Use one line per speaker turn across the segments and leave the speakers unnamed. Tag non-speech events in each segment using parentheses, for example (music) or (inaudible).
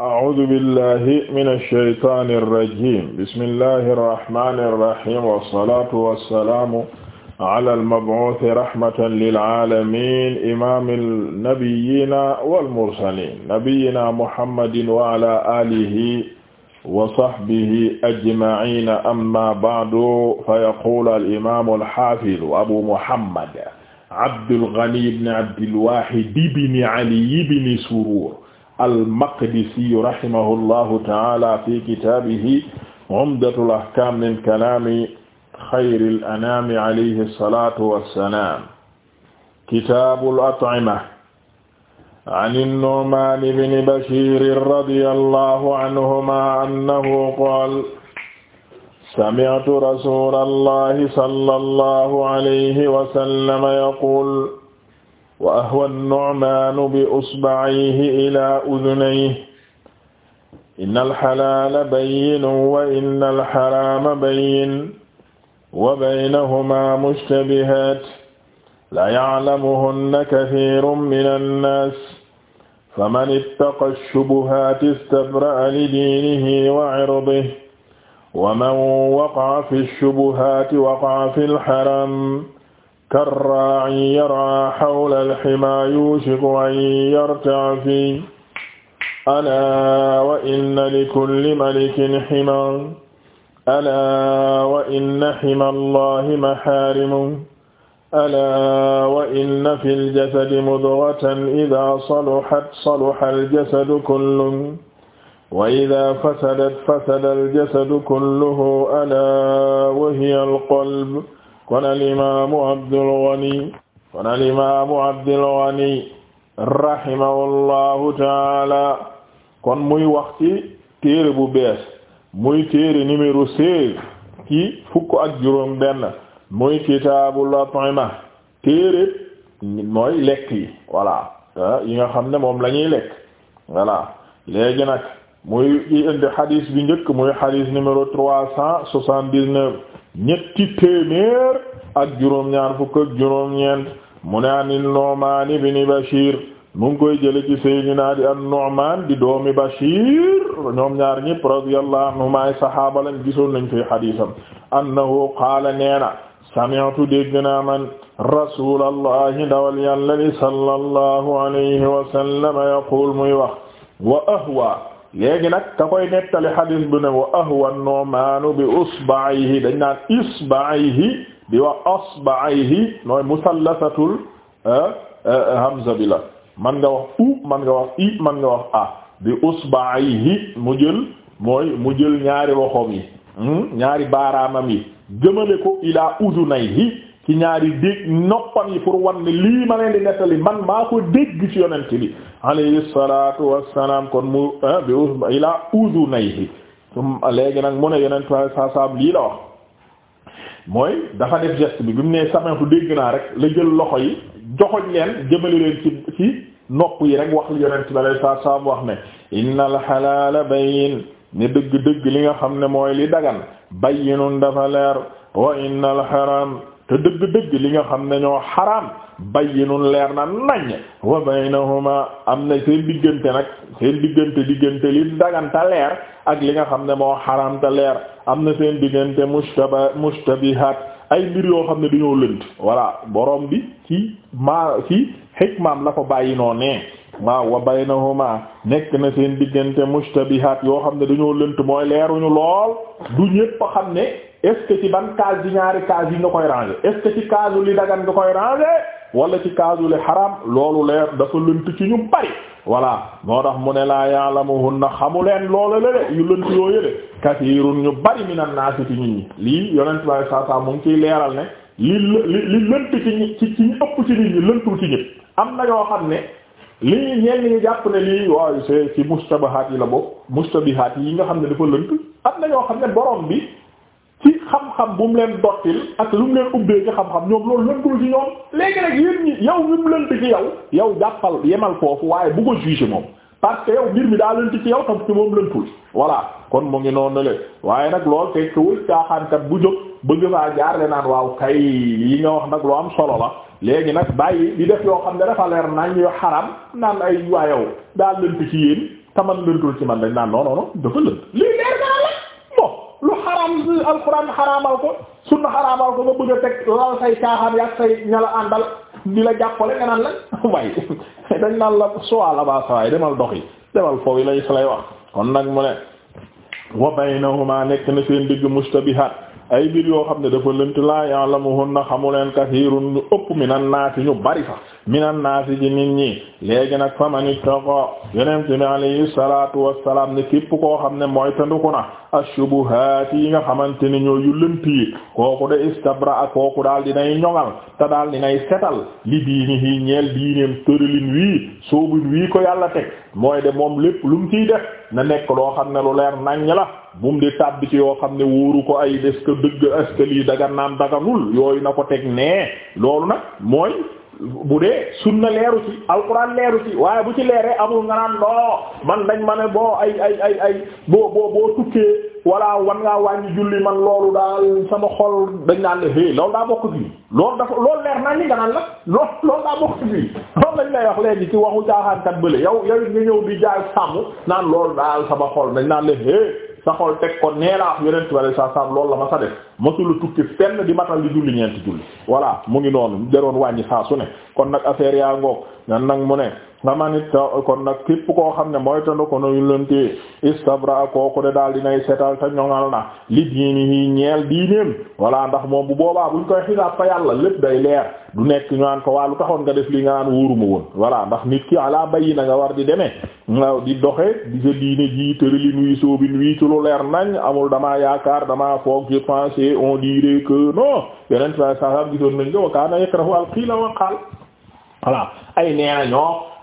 أعوذ بالله من الشيطان الرجيم بسم الله الرحمن الرحيم والصلاة والسلام على المبعوث رحمة للعالمين إمام النبيين والمرسلين نبينا محمد وعلى آله وصحبه أجمعين أما بعد فيقول الإمام الحافظ أبو محمد عبد الغني بن عبد الواحد بن علي بن سرور al-Maqdissî rahimahullahu ta'ala fi kitaabihi Umdatul Ahkaam min kalaami xayril anaami alayhi salaatu wa salaam. Kitaabul At'ima. Ani Nu'maan ibn Bashiir radiyallahu anhumaa annahu qaala sami'tu rasuulallahi sallallahu alayhi wa sallam yaquulu wa ahwa an-nu'maanu bi usba'ihi ilaa udunayhi innal halaala bayyinun wa innal haraama bayyin wa baynahumaa mushtabihaat laa ya'lamuhunna kathiirun minan naas faman ittaqa ash-shubuhaati istabra'a lidiinihi wa 'irdihi wa man waqa'a fi ash-shubuhaati waqa'a fil haraam karraa'i yar'aa hawla al-himaa yuushiku an yarta'a fiihi alaa wa inna likulli malikin himan alaa wa inna hima Allahi mahaarimuhu alaa wa inna fil jasadi mudghatan idhaa saluhat saluha al-jasadu kulluhu wa idhaa fasadat fasada al-jasadu kulluhu alaa wa hiya al-qalb kon alimamu abdulgani kon alimamu abdulgani rahimahullahu taala kon muy wax ci téere bu bees muy téere numéro seize ci fukk ak juróom benn muy kitaabul at'ima téere mooy lekk yi voilà ah, yi nga xam ne moom la ñuy lekk voilà léegi nag muy indi xadis bi njëkk muy xadis numéro trois cent soixante-dix-neuf ñetti téeméer ak juróom-ñaar fukk ak juróom-ñeent mu ne an Nu'man ibn Bashir mu ngi koy jële ci Seydina di an-Nu'man di doomi Bashir ñoom ñaar ñëpp radiyallahu anhum ay sahaaba lañ gisoon nañ koy xadiisam annahu qaala neena sami'tu dégg naa man rasulallahi dawal yàlla li sallallahu alayhi wa sallam yaqul muy wax wa ahwa léegi nag ka koy nettali xadis bi ne wa ahwa nu'maanu bi usba'ihi dañ naan isba'ihi bi wax asba'ihi nooy musallasatul hamza bi la man nga wax u man nga wax i man nga wax a bi usba'ihi mu jël mooy mu jël ñaari loxoom yi hmm, ñaari baaraamam yi jëmale ko ilaa udunayhi ci ñaari dégg noppam yi pour wan ne lii ma leen di nettali man maa ko dégg ci yonent bi alayhi salatu wassalam kon mu ah, bi ila udunayhi léegi nag mu ne yonent saa saam lii la wax mooy dafa def geste bi bi mu ne samantu dégg naa rek la jël loxo yi joxoñ leen jëmale leen ci ci nopp yi rek wax li yonent bi alayhi salaatu salaam wax ne innal xalaala bayin ne dëgg-dëgg li nga xam ne mooy li dagan bayyinun dafa leer wa innal xaram te dëgg-dëgg li nga xam ne ñoo xaraam bayyinun leer na nañ wa baynahuma am na seen diggante nag seen diggante diggante li daganta leer ak li nga xam ne moo xaraam te leer am na seen diggante mushtaba mushtabihat ay mbir yoo xam ne dañoo lënt voilà borom bi ci maa ci maam la ko bàyyi noo nee waaw wa baynahuma nekk na seen diggante mushtabihat yoo xam ne dañoo lënt mooy leeruñu lool du ñépp xam ne est ci ban case bi ñaari case bi nga koy ranger est-ce ci case li dagan nga koy ranger wala ci case li xaram loolu leer dafa lënt ci ñu bari voilà moo tax mu ne laa ya'lamuhunna xamu leen loolu la de yu lënt yoo yële kasiirun ñu bari minan naas ci nit ñi lii yonent bi saa saa mu ngi ciy leeral ne li li li lënt ci ñi ci ci ñu ëpp ci nit ñi lëntul ci ñëpp am na yoo xam ne lii ñenn ñi jàpp ne lii waaw c'est ci mustabahaat yi la bokk mustabihaat yi nga xam ne dafa lënt am yoo xam ne borom bi. ci xam-xam bu mu leen dottil ak lu mu leen ubbee xam-xam ñoom loolu lëndul ci ñoom léegi nag yéen ñi yow mi mu lënt ci yow yow jàppal yemal foofu waaye bu ko jugé moom parce que yow mbir mi daa lënt ci yow tam ci moom lëntul voilà kon mu ngi noonu le waaye nag lool fekk wër caaxaankat bu jóg bëgg faa jaar le naan waaw kay yi nga wax nag loo am solo la léegi nag bàyyi di def yoo xam ne dafa leer nañ yoo xaram naan ay waayow daa lënt ci yéen taman lëntul ci man dañ naan non non non lu xaraam bi alxuraan xaraamal ko sunna xaraamal ko nga bëgg a teg lal say caaxaan yaa say ñala àndal di la jàppale nga naan la waaye dañ naan la suwaal abaa sawaay demal dox yi demal foofu yi lay wax kon nag mu ne wa baynahuma nekk na seen digg mustabihat ay mbir yoo xam ne dafa lënt laa ya'lamuhunna xamuleen kasiirun ñu ëpp minan naasi ñu bari fa minan naasi ji nit ñi léegi nag faman ittaqa yonent bi alayhi salaatu wassalaam ne képp koo xam ne mooy tanduku na ashubuhaati yi nga xamante ni ñoo yu lënt yi kooku de istabra ak kooku daal dinay ñoŋal te daal dinay setal li diinihi ñeel diineem tërëlin wii soobin wii ko yàlla teg mooy de moom lépp lu mu ciy def na nekk loo xam ne lu leer naññ la bu mu di tàbbi ci yoo xam ne wóoru ko ay est-ce que dëgg est lii daga naan daganul yooyu na ko teg nee loolu na mooy bu dee sunna leeru ci alquran leeru ci waaye bu ci leeree amul nga naan man dañ ma ne boo ay ay ay ay boo boo boo tukkee walla wan ngaa wàññi julli man loolu daal sama xol dañ naan la hé loolu daa bokk ci loolu dafa loolu leer naa ni nga naan la lool loolu daa bokk ci loolu lañ lay wax léegi ci waxu caaxaankat bële yow yow nga ñëw di jaay sàmm naan loolu daal sama xol dañ naan la sa xol teg ko nee laa wax yonent saa saam loolu la ma sa def masula tukki fenn di matal di julli ñeenti julli voilà mu ngi noonu deroon wàññi saa su ne kon nag affaire yaa ngoog nag mu ne nga man it kon nag képp koo xam ne mooy tënd ko nuyu leen te istabra kooku de daal dinay setal te ñoŋal na li diini ñeel diineem walla ndax moom bu boobaa buñ koy xisaab fa yàlla lépp day leer du nekk ñu naan ko waa lu taxoon nga def li nga naan wóoruma woon walla ndax nit ki ala bayi na nga war di demee nga di doxe di sa diine ji tëralin wi soobin wi ci lu leer nañ amul damaa yaakaar damaa foog je pensais on dirait que non yeneen sa a gisoon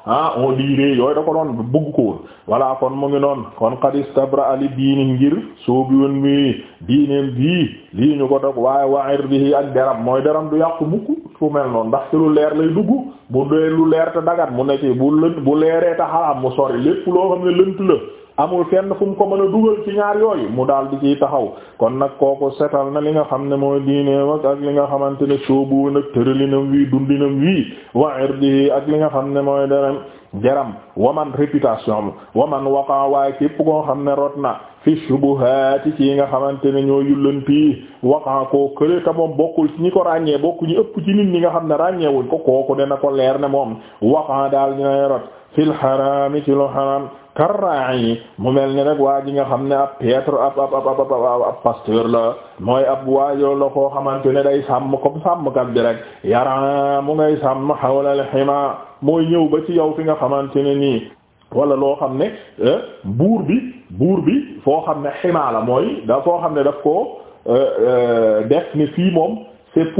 ah on dirait yooyu da ko doon bëgg ko woon kon mu ngi noon kon qad istabra ali diini ngir soobi woon mi diineem bii lii ñu ko dog waaye wa irdihi ak deram mooy deram du yàqu mukk fu mel noon ndax ci lu leer lay dugg bu dee lu leer te dagat mu ne bu lënt bu leeree te xaraam mu sori lépp loo xam ne lënt la amul fenn fu mu ko mën a dugal ci ñaar yooyu mu daal di ciy taxaw kon nag kooku setal na li nga xam ne mooy diineem ak li nga xamante ne soobu nag tëralinam wii dundinam wii wa irdihi ak li nga xam ne mooy derem jaram waman réputation waman waqa waaye képp koo xam ne rot na fi shubuhaati ci nga xamante ne ñoo yullantii waqa koo kële ta moom bokkul ci ñi ko ràññee bokku ñu ëpp ci nit ñi nga xam ne ràññeewuñ ko kooku na ko leer ne moom waqa daal ñu nay rot fil xaraami ci lu xaraam mu mel ni rek waa ji nga xam ne ab piètre ab ab ab pasteur la mooy ab waajoo la koo xamante ne day sàmm comme sàmmkat bi rek yaraa mu ngay sàmm xawlal xima mooy ñëw ba ci yow fi nga xamante ne nii wala loo xam ne euh, buur bi buur bi foo xam ne xima la mooy da foo xam ne daf ko euh, euh, def ni fii moom c'est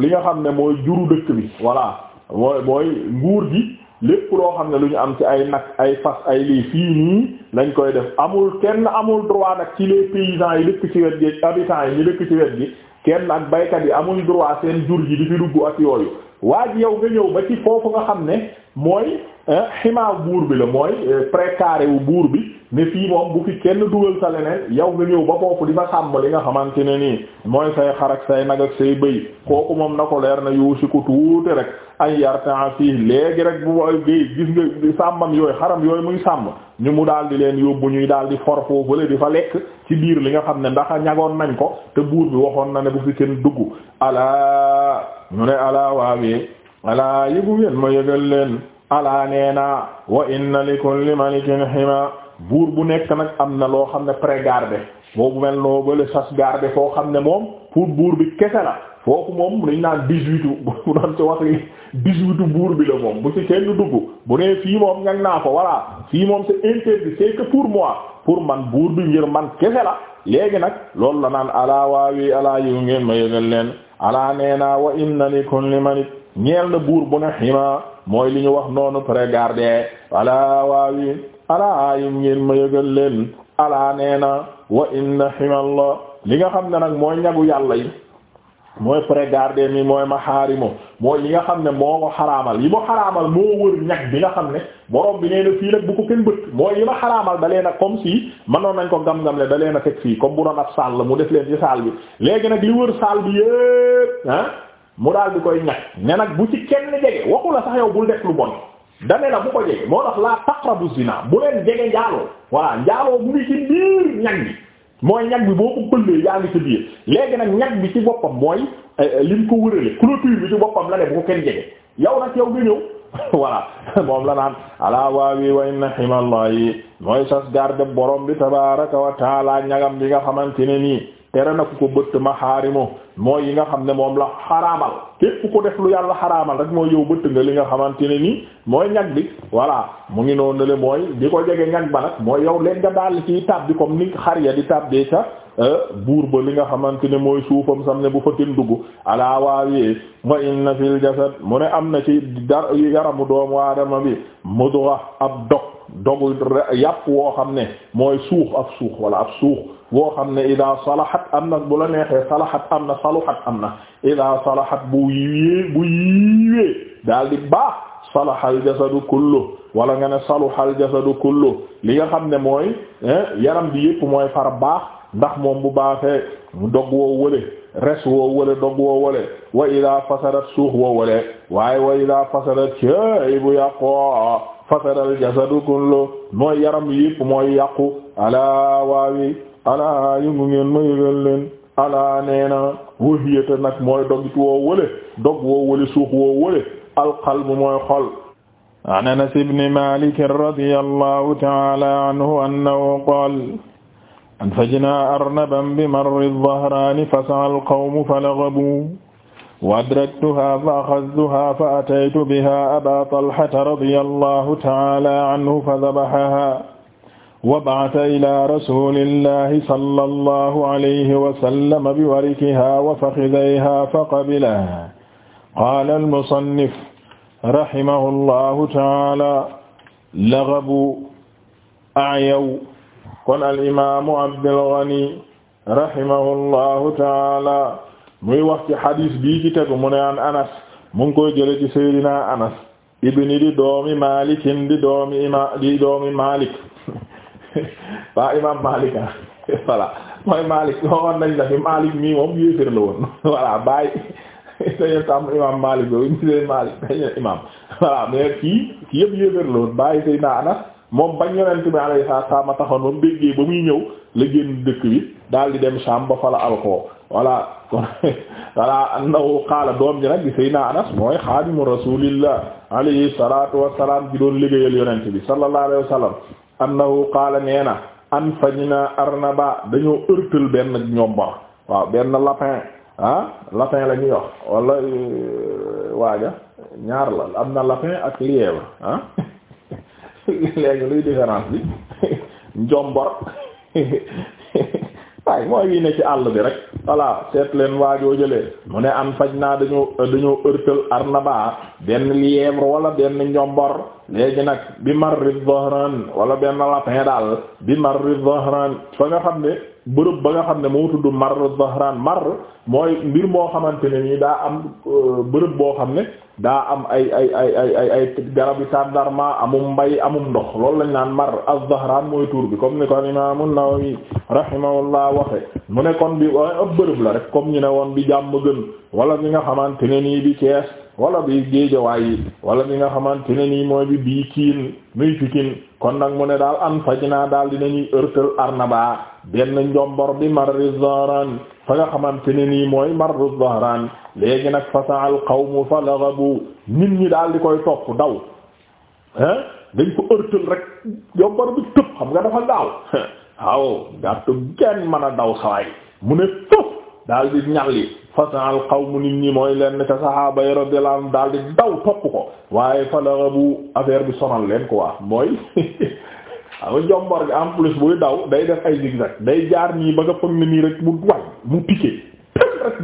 li nga xam ne mooy juru dëkk bi voilà mooy mooy nguur gi lépp loo xam ne lu ñu am ci ay nag ay fas ay lii fii nii lañ koy def amul kenn amul droit nag ci les paysans yi dëkk ci wet gi habitants yi ñu dëkk ci wet gi kenn ak baykat yi amul droit seen jur ji di fi dugg ak yooyu waa ji yow nga ñëw ba ci foofu nga xam ne mooy ximaa buur bi la mooy eh, précaré wu buur bi ne fii moom bu fi kenn dugal sa leneen yow nga ñëw ba foofu di fa sàmm li nga xamante ne nii mooy say xarak ak say nag ak say bëy kooku moom na ko leer na yuusiku tuuti rek ay yartan ci léegi rek bu ay géey gis nga sàmmam yooyu xaram yooyu muy sàmm ñu mu daal di leen yóbbu ñuy daal di for foofale di fa lekk ci biir li nga xam ne ndax ñagoon nañ ko te buur bi waxoon na ne bu fi kenn dugg alaa ñu ne alaa waawee alaa yëgu ngeen ma yëgal leen alaa nee naa wa inna li kulli malikin xima buur bu nekk nag am na loo xam ne pré-gardé boobu mel noo bale sas gardé foo xam ne moom pour buur bi kese la foofu moom dañ naan dix (laughs) bu doon ci wax yi buur bi la moom bu ci kenn dugg bu nee fii moom ñag naa ko voilà fii moom c'est interdit c'est que pour moi pour man buur bi ngir man kese la léegi nag lool la naan alaa waawi alaa yëgu ngeen ma yëgal leen alaa nee naa wa ñeel na buur bu ne xima mooy li ñu wax noonu prégarde alaa waawi alaa yim ngeen ma yëgal leen alaa nee na wa inna la li nga xam ne nag mooy ñagu yàlla yi mooy prégarde mi mooy ma xaarimo mooy li nga xam ne moo ko xaraamal yi ma xaraamal moo wër ñag bi nga xam ne borom bi nee na fii nag bu ko kenn bët mooy yi ma xaraamal da leen a comme si mënoon nañ ko gam-gam da leen a teg comme bu doon ab sàll mu def leen ci saal bi léegi nag li wër mu daal di koy ñag ne nag bu ci kenn jege waxu la sax yow bul def lu bon dane la bu ko jege moo tax laa taqrabu zina bu leen jege njaaloo voilà njaaloo mu ngi ci biir ñag bi mooy ñag bi boo ko pëllee yaa ngi biir léegi nag ñag bi ci boppam mooy euh, lim ko wërale clôture bi ci boppam la ne bu ko kenn jege yow nag yow nga ñëw (laughs) voilà moom la naan ala waawi wa inna himallahi mooy sas garde borom bi tabaraka wa taala ñagam bi nga xamante ne nii tere na ku ko bëtt ma moo mooy yi nga xam ne moom la xaraamal képp ku def lu yàlla xaraamal rek mooy yow bëtt nga li nga xamante ne nii mooy ñag bi voilà mu ngi noonu le mooy di ko jege ñag ba nag mooy yow leen nga daal ciy tàbbi comme ni xar ya di tàbbee ca euh, buur ba li nga xamante ne mooy suufam sam ne bu fa kenn dugg alaa waawi wa inna fil jasad mu ne am na ci dar yaramu doomu aadama bi mudgha ab dog dogu yàpp woo xam ne mooy suux ab wala ab suux boo xam ne ida salahat am na bu la neexee am na saluhat am na ida salahat bu yiwee bu yiwee daal di baax salahal jasadu kullu wala nga ne saluhal jasadu kullu li nga xam ne mooy eh, yaram bi yëpp mooy far baax ndax moom bu baaxe dog woo wële res woo wële dog woo wële wa ida fasadat suux woo wële waaye wa ida fasadat cay bu yàqoo fasadal jasadu kullu mooy yaram bi yëpp mooy yàqu ala waawi alaa yëngu ngeen ma yëgal leen alaa nee na wahiyata nag mooy dogit woo wële dog woo wële suux woo wële alqalb mooy xol an anas ibni malik radiyallahu taala anhu annahu qaal an fajnaa arnaban bi marri dhahraani fasa'a alqawmu falaghabu wa adraktuhaa fa axadtuhaa fa ataytu bihaa abaa talhata radiyallahu taala anhu fadhabahahaa wa ba'atha ilaa rasuulillahi sallallahu alayhi wa sallam biwarikihaa wa fakhidhayhaa faqabilahaa qaala al-musannif rahimahullahu ta'aalaa laghabu a'yaw kon al-imaamu Abdul Ghani rahimahullahu ta'aalaa muy wax ci xadiis bii ci tegu mu ne an Anas mu ngi koy jële ci Seydina Anas ibni di doomi Maalik di doomi ima di doomi Maalik (laughs) waa imam Malik ah. voilà mooy Malik waxoon nañ la fi Malik mii moom yéeféer la woon (laughs) voilà bàyyi (laughs) dañu tam Anas moom bañ yonent bi alayhi salaam a taxoon ba mu déggee ba muy ñëw la génn bi daal di dem Sham ba fa la alkoo (laughs) doom ji nag di na Anas mooy xaadimu rasulillah alayhi salatu wasalam di doon liggéeyal yonent bi sallallahu alayhi wa annahu qaala nee na an fajina arnaba dañoo ërtal benn ñombar waaw benn lapin ah lapin lañu ñuy wax wala euh, waaja ñaar la am na lapin ak lièvre ah (laughs) léegi luy différence bi (laughs) njombar (laughs) waaye mooy wii ci àll bi rek voilà seet leen waajoo jëlee mu ne an faj naa dañoo dañoo ërtal arnaba benn lièvre wala benn njombor léegi nag bi marri dhahran wala benn lapin daal bi marri dhahran fa nga xam ne bërëb ba nga xam ne moo mar Marr Zahran mar mooy mbir moo xamante ne nii daa am euh, bërëb boo xam ne daa am ay ay ay ay ay ay garab yu tàndarma amum mbay amum ndox loolu lañ naan Marr az-Zahran mooy tuur bi comme ni ko Imam An-Nawawi rahimahullah waxe mu ne kon bi ab bërëb la rek comme ñu ne woon bi jàmm gën wala bi nga xamante ne nii bi Cees wala bi géejawaay wala bi nga xamante ne nii mooy bi bii kiin muy fikin kon nag mu ne daal an faj naa daal dinañuy ërtal arnaba benn njombor bi marri zahran fa nga xamante ne nii mooy marru zahran léegi nag fasa al qawmu fa lagabu nit ñi daal di koy topp daw hein dañ ko ërtal rek njombor bi tëb xam nga dafa gaaw (laughs) waaw gàttu genn mën a daw sawaay mu ne tëb daal di ñalli façal qawmu nit ñi mooy leen ka sahaaba yi radiyallahu anhum di daw topp ko waaye falaxabu affaire bi sonal leen quoi mooy (laughs) ama jombor gi en plus buy daw day def ay zigzag day jaar nii ba nga foog ne nii rek mu wañ mu piqué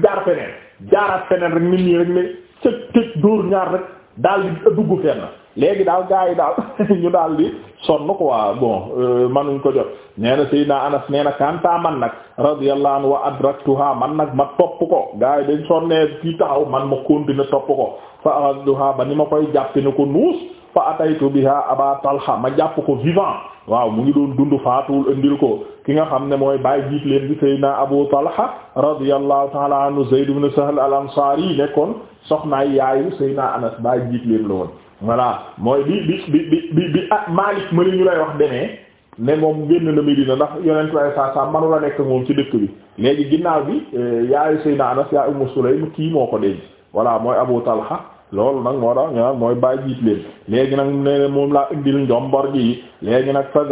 jaar feneen jaaraat feneen rek nit ñi rek ne cëg cëg dóor ñaar rek daal di dugg fenn léegi daal gars yi daal (laughs) ñu daal di sonn quoi bon euh, manuñ ko jot nee na Seydina Anas nee na kanta man nag radiyallahu anhu wa adraktuha man nag ma topp ko gars yi dañ sonnee kii taxaw man ma continuer topp ko fa aradtuha ba ni ma koy jàppe ni ko nuus fa ataytu biha aba talha ma jàpp ko vivant waaw mu ngi doon dund faatuwul andil ko ki nga xam ne mooy bàyyi jiit leen bi Seydina Abu Talha radiyallahu ta'ala anhu Zayd ibn Sahl al-Ansari nekkoon soxnaay yaayu Seydina Anas bàyyi jiit leen la woon voilà mooy bi bi bi bi bi ah Malik ma li ñu lay wax demee ne moom génn na Medina ndax yonent lay saa saa manu la nekk moom ci dëkk bi léegi ginnaaw bi euh, yaayu Seydina Anas yaa Ummu Sulaym kii moo ko denc voilà mooy Abu Talha loolu nag moo tax ñaa mooy bàyyi jiit leen léegi nag ne moom laa indil njombor gi léegi nag fa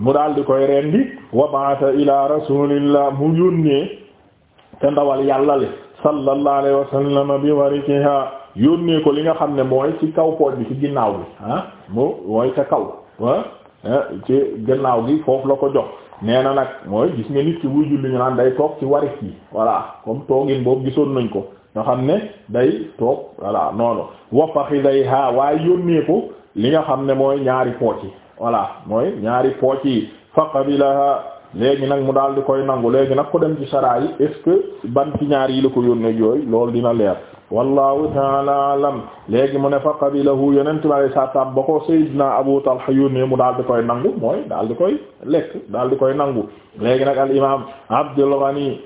mu daal di koy rendi wa ba'atha ila mu yónnee te ndawal yàlla le sallallahu alayhi wa sallam bi warikiha yónnee ko li nga xam ne mooy ci kaw pooj bi ci ginnaaw bi ah mu mooy ca kaw ah, ah ci ginnaaw gi foofu la ko jox nee na nag mooy gis nga nit ki buy julli ñu naan day toog ci waris yi voilà comme toogin boobu gisoon nañ ko nga xam ne day toog voilà noonu wapaxi day ha waaye yónnee ko li nga xam ne mooy ñaari pooc yi voilà mooy ñaari pooc yi faqabilaha léegi nag mu daal di koy nangu léegi nag ko dem ci saraa yi est-ce que ban ci ñaar yi la ko yónnee yooy loolu dina leer wallahu taala alam léegi mu ne fa qabilahu yonente bi alei saatu salam ba ko sayyidina Abu Talha yónnee mu daal di koy nangu mooy daal di koy lekk daal di koy nangu léegi nag al imam Abdul Ghani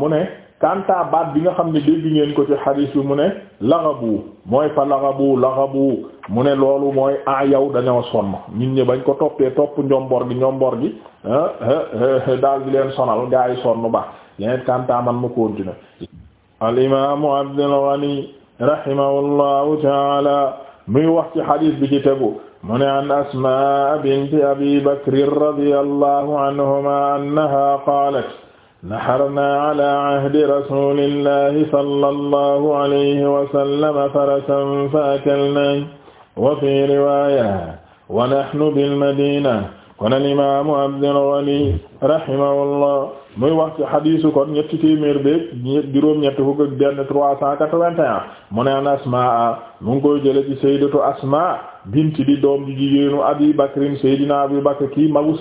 mu ne kanta baat bi nga xam ne dégg ngeen ko ci xadiis bi mu ne laxabu mooy fa laxabu laxabu mu ne loolu mooy ah yow dañoo sonn nit ñi bañ ko toppee topp njombor gi njombor gi daal di leen sonal gaa yi sonn ba yeneen kanta man mu continuer al imaamu Abdul Ghani rahimahullahu taala muy wax ci xadiis bi ci tegu mu ne an Asmaa binti Abi Bakr radiyallahu anhuma annaha naxarnaa ala ahdi rasulillahi sallallahu alayhi wa sallam farasan fa akalnaa wa fi riwaaya wa naxnu bilmadina kon al imaamu Abdul Ghani rahimahullah muy wax ci xadiisu kon ñetti téeméer beeg juróom-ñett fukk ak benn trois cent quatre-vingt-un mu ne an asmaa mu ngi koy jële ci sayyidatu asmaa binti di doom ji jigéenu abi bakrin sayyidina abi bakr kii magu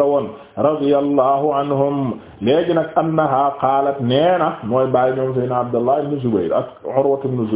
woon radiyallahu anhum léegi nag annaha qaalat neena mooy bàyyi ñoom sayyidina abdullah ibn zubayr ak urwa ibn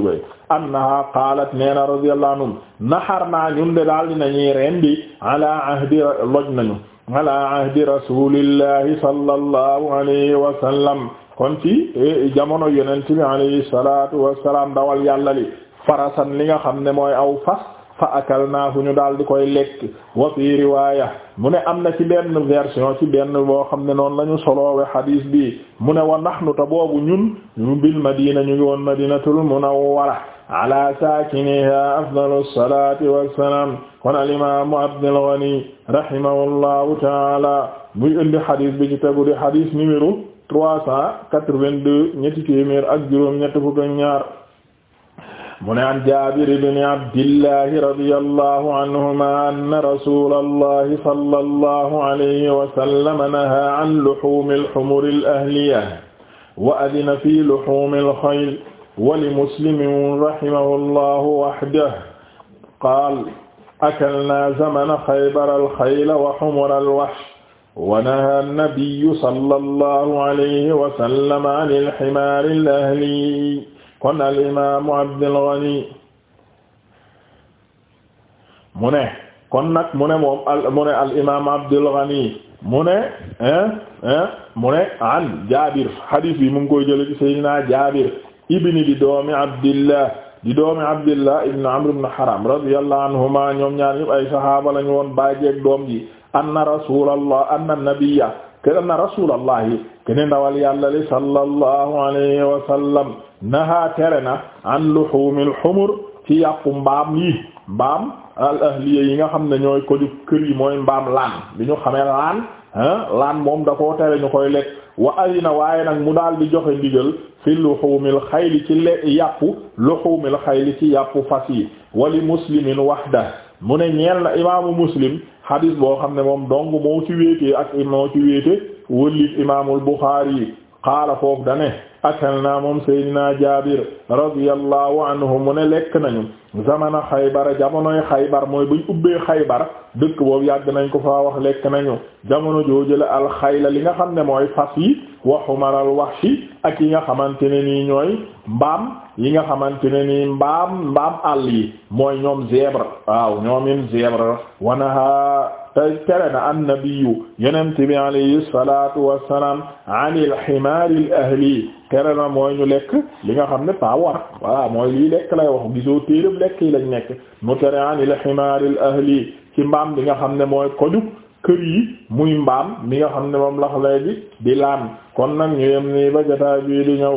annaha qaalat neena radiyallahu anhum naharna ñun de daal dinañuy rendi ala ahdi loj nañu ala ahdi rasulillahi sallallahu alayhi wa sallam kon ci e, jamono yonent bi alayhi salatu wasalaam dawal yàllali li farasan li nga xam ne mooy aw fas fa akalnaahu ñu daal di koy lekk wa fi riwaya mu ne am na ci benn version ci benn boo xam ne noonu la ñu soloowe bi mu ne wa nahnu ta boobu ñun ñu bil madina ñu ngi mu madinatul munawwara ala saakiniha afdalu salaati wassalaam kon al imaamu Abdul Ghani rahimahullahu taala muy indi xadis bi ci tegu di xadis numéro trois cent quatre-vingt-deux ñetti téeméer ak juróom ñett fukk ak ñaar mu ne an Jaabir ibn Abdillahi radiyallahu anhuma anna rasulallahi sallallahu alayhi wa sallam naha an luhumil humuril ahliya wa adina fi luhumil khayl wali muslimin rahimahullahu wahdahu qaala akalnaa zamana xaybara alxayla wa humura alwahsh wa nahaa nabiyyu sallallahu alayhi wa sallam anil himaari al-ahli kon al-imaamu Abdul Ghani mu ne kon nag mu ne moom mu ne al-imaamu Abdul Ghani mu ne mu ne an Jaabir hadiis bi mu ngi koy jëlee ci Seydina Jaabir ibni di doomi abdillah di doomi abdillah ibn amr ibn haram radiyallahu anhuma ñoom ñaar ñëpp ay sahaaba lañu woon baajeeg doom ji anna rasulallah anna nabiyya ke anna rasulallahi kene ndawal yàlla li sallallahu alayhi wa sallam tere na an luhumil humur ci yàppu mbaam yi mbaam al ahliya yi nga xam ne ñooy ko ju kër yi mooy mbaam laan bi ñu xamee laan ah laan moom da koo tere ñu koy lekk wa adina waaye nag mu daal di joxe ndigal fi luxuumil xayli ci le yàpp luxuumil xayli ci yàpp fas yi wali muslimin waxda mu ne ñeel na imaamu muslim hadis boo xam ne moom dong moo ci wéetee ak moo ci wéete wëllit imaamul buxaari yi qaala foofu dane naa moom seydina jabir radiyallahu anhu mu ne lekk nañu zamana xaybar jamonoy xaybar mooy buñ ubbee xaybar dëkk boobu yàgg nañ ko faa wax lekk nañu jamono joojële alxayla li nga xam ne mooy fas yi wa xumaral wahshi ak yi nga xamante ne nii ñooy mbaam li nga xamante ne ni mbaam mbaam àll yi mooy ñoom zèbre waaw ñoomin zèbre wanaha tey tere na annabiyu yonent bi alayhi salatu wassalam anil ximaaril ahli tere na mooy ñu lekk li nga xam ne pas war voilà mooy lii lekk lay wax gisoo téeram lekk yi lañ nekk mu tere anil ximaaril ahli ci mbaam bi nga xam ne mooy koju kër yi muy mbaam mi nga xam ne moom lax lay bi di laan kon nag ñu yem nii ba jotaay bii di ñëw